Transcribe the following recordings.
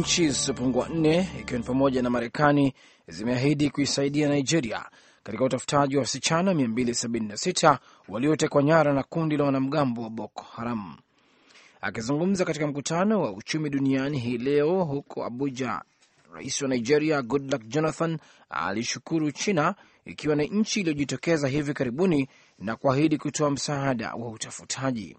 nchi zisizopungua nne ikiwa ni pamoja na Marekani zimeahidi kuisaidia Nigeria katika utafutaji wa wasichana 276 waliotekwa nyara na kundi la wanamgambo wa Boko Haram. Akizungumza katika mkutano wa uchumi duniani hii leo huko Abuja, rais wa Nigeria Goodluck Jonathan alishukuru China ikiwa ni nchi iliyojitokeza hivi karibuni na kuahidi kutoa msaada wa utafutaji.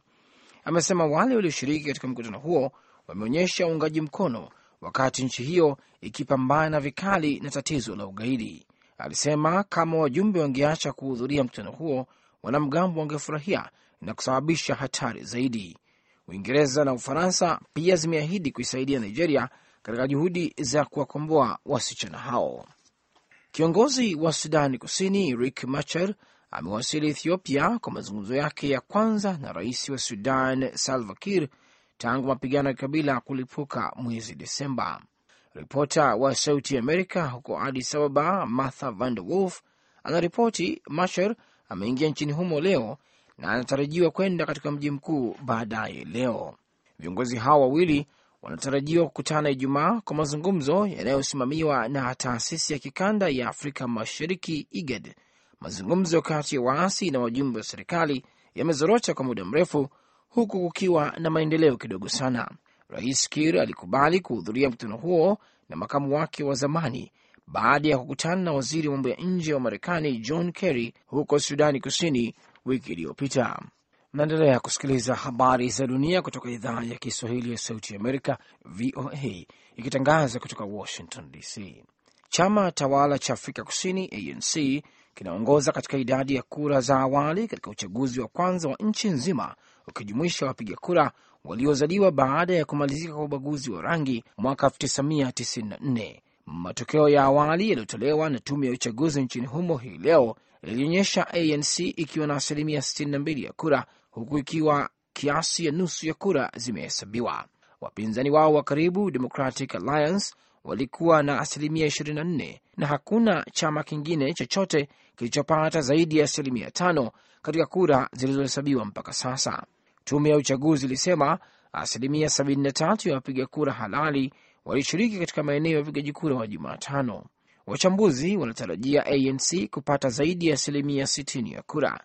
Amesema wale walioshiriki katika mkutano huo wameonyesha uungaji mkono wakati nchi hiyo ikipambana vikali na tatizo la ugaidi. Alisema kama wajumbe wangeacha kuhudhuria mkutano huo, wanamgambo wangefurahia na kusababisha hatari zaidi. Uingereza na Ufaransa pia zimeahidi kuisaidia Nigeria katika juhudi za kuwakomboa wasichana hao. Kiongozi wa Sudani Kusini rik Machar amewasili Ethiopia kwa mazungumzo yake ya kwanza na rais wa Sudan Salva Kiir tangu mapigano ya kikabila kulipuka mwezi Desemba. Ripota wa Sauti Amerika huko Adis Ababa, Martha Van Der Wolf anaripoti. Masher ameingia nchini humo leo na anatarajiwa kwenda katika mji mkuu baadaye leo. Viongozi hao wawili wanatarajiwa kukutana Ijumaa kwa mazungumzo yanayosimamiwa na taasisi ya kikanda ya Afrika Mashariki, IGAD. Mazungumzo kati ya waasi na wajumbe wa serikali yamezorota kwa muda mrefu huku kukiwa na maendeleo kidogo sana. Rais Kir alikubali kuhudhuria mkutano huo na makamu wake wa zamani baada ya kukutana na waziri wa mambo ya nje wa Marekani John Kerry huko Sudani Kusini wiki iliyopita. naendelea kusikiliza habari za dunia kutoka idhaa ya Kiswahili ya Sauti ya Amerika, VOA, ikitangaza kutoka Washington DC. Chama tawala cha Afrika Kusini, ANC, kinaongoza katika idadi ya kura za awali katika uchaguzi wa kwanza wa nchi nzima ukijumuisha wapiga kura waliozaliwa baada ya kumalizika kwa ubaguzi wa rangi mwaka 1994. Matokeo ya awali yaliyotolewa na tume ya uchaguzi nchini humo hii leo yalionyesha ANC ikiwa na asilimia 62 ya kura, huku ikiwa kiasi ya nusu ya kura zimehesabiwa. Wapinzani wao wa karibu Democratic Alliance walikuwa na asilimia 24 na hakuna chama kingine chochote kilichopata zaidi ya asilimia tano katika kura zilizohesabiwa mpaka sasa. Tume ya uchaguzi ilisema asilimia 73 ya wapiga kura halali walishiriki katika maeneo ya wapigaji kura wa Jumatano. Wachambuzi wanatarajia ANC kupata zaidi ya asilimia 60 ya kura.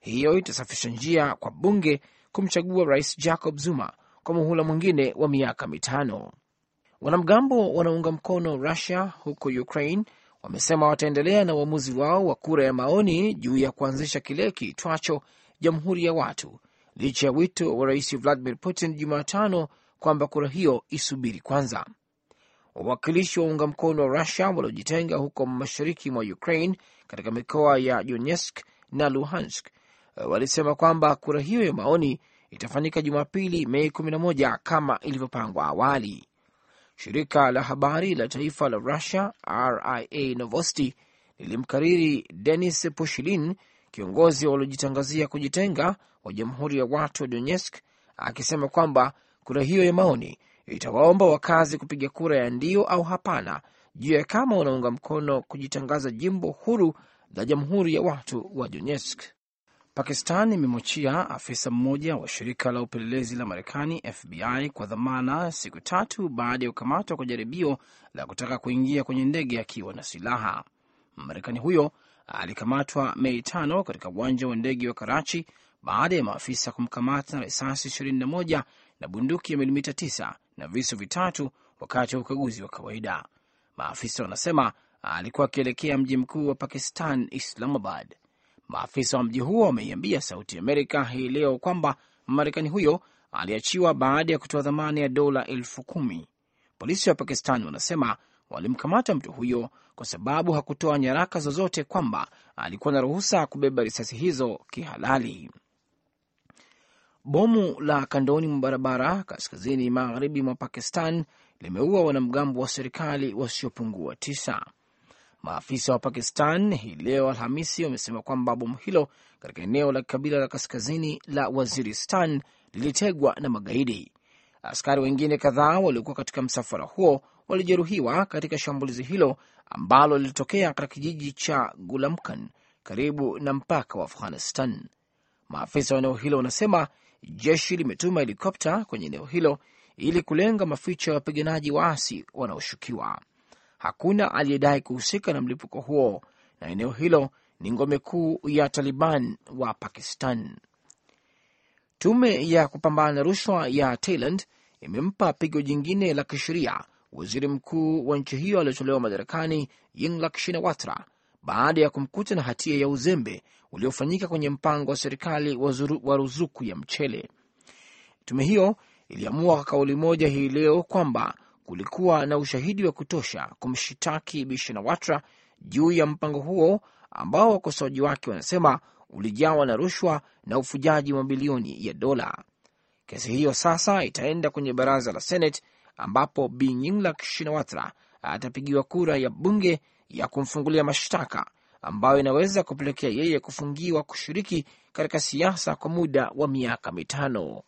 Hiyo itasafisha njia kwa bunge kumchagua Rais Jacob Zuma kwa muhula mwingine wa miaka mitano. Wanamgambo wanaunga mkono Rusia huko Ukraine wamesema wataendelea na uamuzi wao wa kura ya maoni juu ya kuanzisha kile kiitwacho jamhuri ya watu licha ya wito wa rais Vladimir Putin Jumatano kwamba kura hiyo isubiri kwanza. Wawakilishi wa unga mkono wa Rusia waliojitenga huko mashariki mwa Ukraine katika mikoa ya Donetsk na Luhansk eh, walisema kwamba kura hiyo ya maoni itafanyika Jumapili, Mei 11 kama ilivyopangwa awali. Shirika la habari la taifa la Russia RIA Novosti lilimkariri Denis Pushilin kiongozi waliojitangazia kujitenga wa Jamhuri ya Watu wa Donetsk, akisema kwamba kura hiyo ya maoni itawaomba wakazi kupiga kura ya ndio au hapana juu ya kama wanaunga mkono kujitangaza jimbo huru la Jamhuri ya Watu wa Donetsk. Pakistan imemwachia afisa mmoja wa shirika la upelelezi la Marekani FBI kwa dhamana siku tatu baada ya kukamatwa kwa jaribio la kutaka kuingia kwenye ndege akiwa na silaha. Marekani huyo alikamatwa Mei tano katika uwanja wa ndege wa Karachi baada ya maafisa kumkamata na risasi 21 na bunduki ya milimita 9 na visu vitatu wakati wa ukaguzi wa kawaida. Maafisa wanasema alikuwa akielekea mji mkuu wa Pakistan, Islamabad. Maafisa wa mji huo wameiambia Sauti Amerika hii leo kwamba marekani huyo aliachiwa baada ya kutoa dhamana ya dola elfu kumi. Polisi wa Pakistan wanasema walimkamata mtu huyo kwa sababu hakutoa nyaraka zozote kwamba alikuwa na ruhusa kubeba risasi hizo kihalali. Bomu la kandoni mwa barabara kaskazini magharibi mwa Pakistan limeua wanamgambo wa serikali wasiopungua tisa. Maafisa wa Pakistan hii leo Alhamisi wamesema kwamba bomu hilo katika eneo la kabila la kaskazini la Waziristan lilitegwa na magaidi. Askari wengine kadhaa waliokuwa katika msafara huo walijeruhiwa katika shambulizi hilo ambalo lilitokea katika kijiji cha Gulamkan karibu na mpaka wa Afghanistan. Maafisa wa eneo hilo wanasema jeshi limetuma helikopta kwenye eneo hilo ili kulenga maficho ya wapiganaji waasi wanaoshukiwa. Hakuna aliyedai kuhusika na mlipuko huo, na eneo hilo ni ngome kuu ya Taliban wa Pakistan. Tume ya kupambana na rushwa ya Thailand imempa pigo jingine la kisheria waziri mkuu wa nchi hiyo aliyotolewa madarakani Yingluck Shinawatra baada ya kumkuta na hatia ya uzembe uliofanyika kwenye mpango wa serikali wa ruzuku ya mchele. Tume hiyo iliamua kwa kauli moja hii leo kwamba kulikuwa na ushahidi wa kutosha kumshitaki Bishinawatra juu ya mpango huo ambao wakosoaji wake wanasema ulijawa na rushwa na ufujaji wa mabilioni ya dola. Kesi hiyo sasa itaenda kwenye baraza la Senate ambapo Bi Nyinglak Shinawatra atapigiwa kura ya bunge ya kumfungulia mashtaka ambayo inaweza kupelekea yeye kufungiwa kushiriki katika siasa kwa muda wa miaka mitano.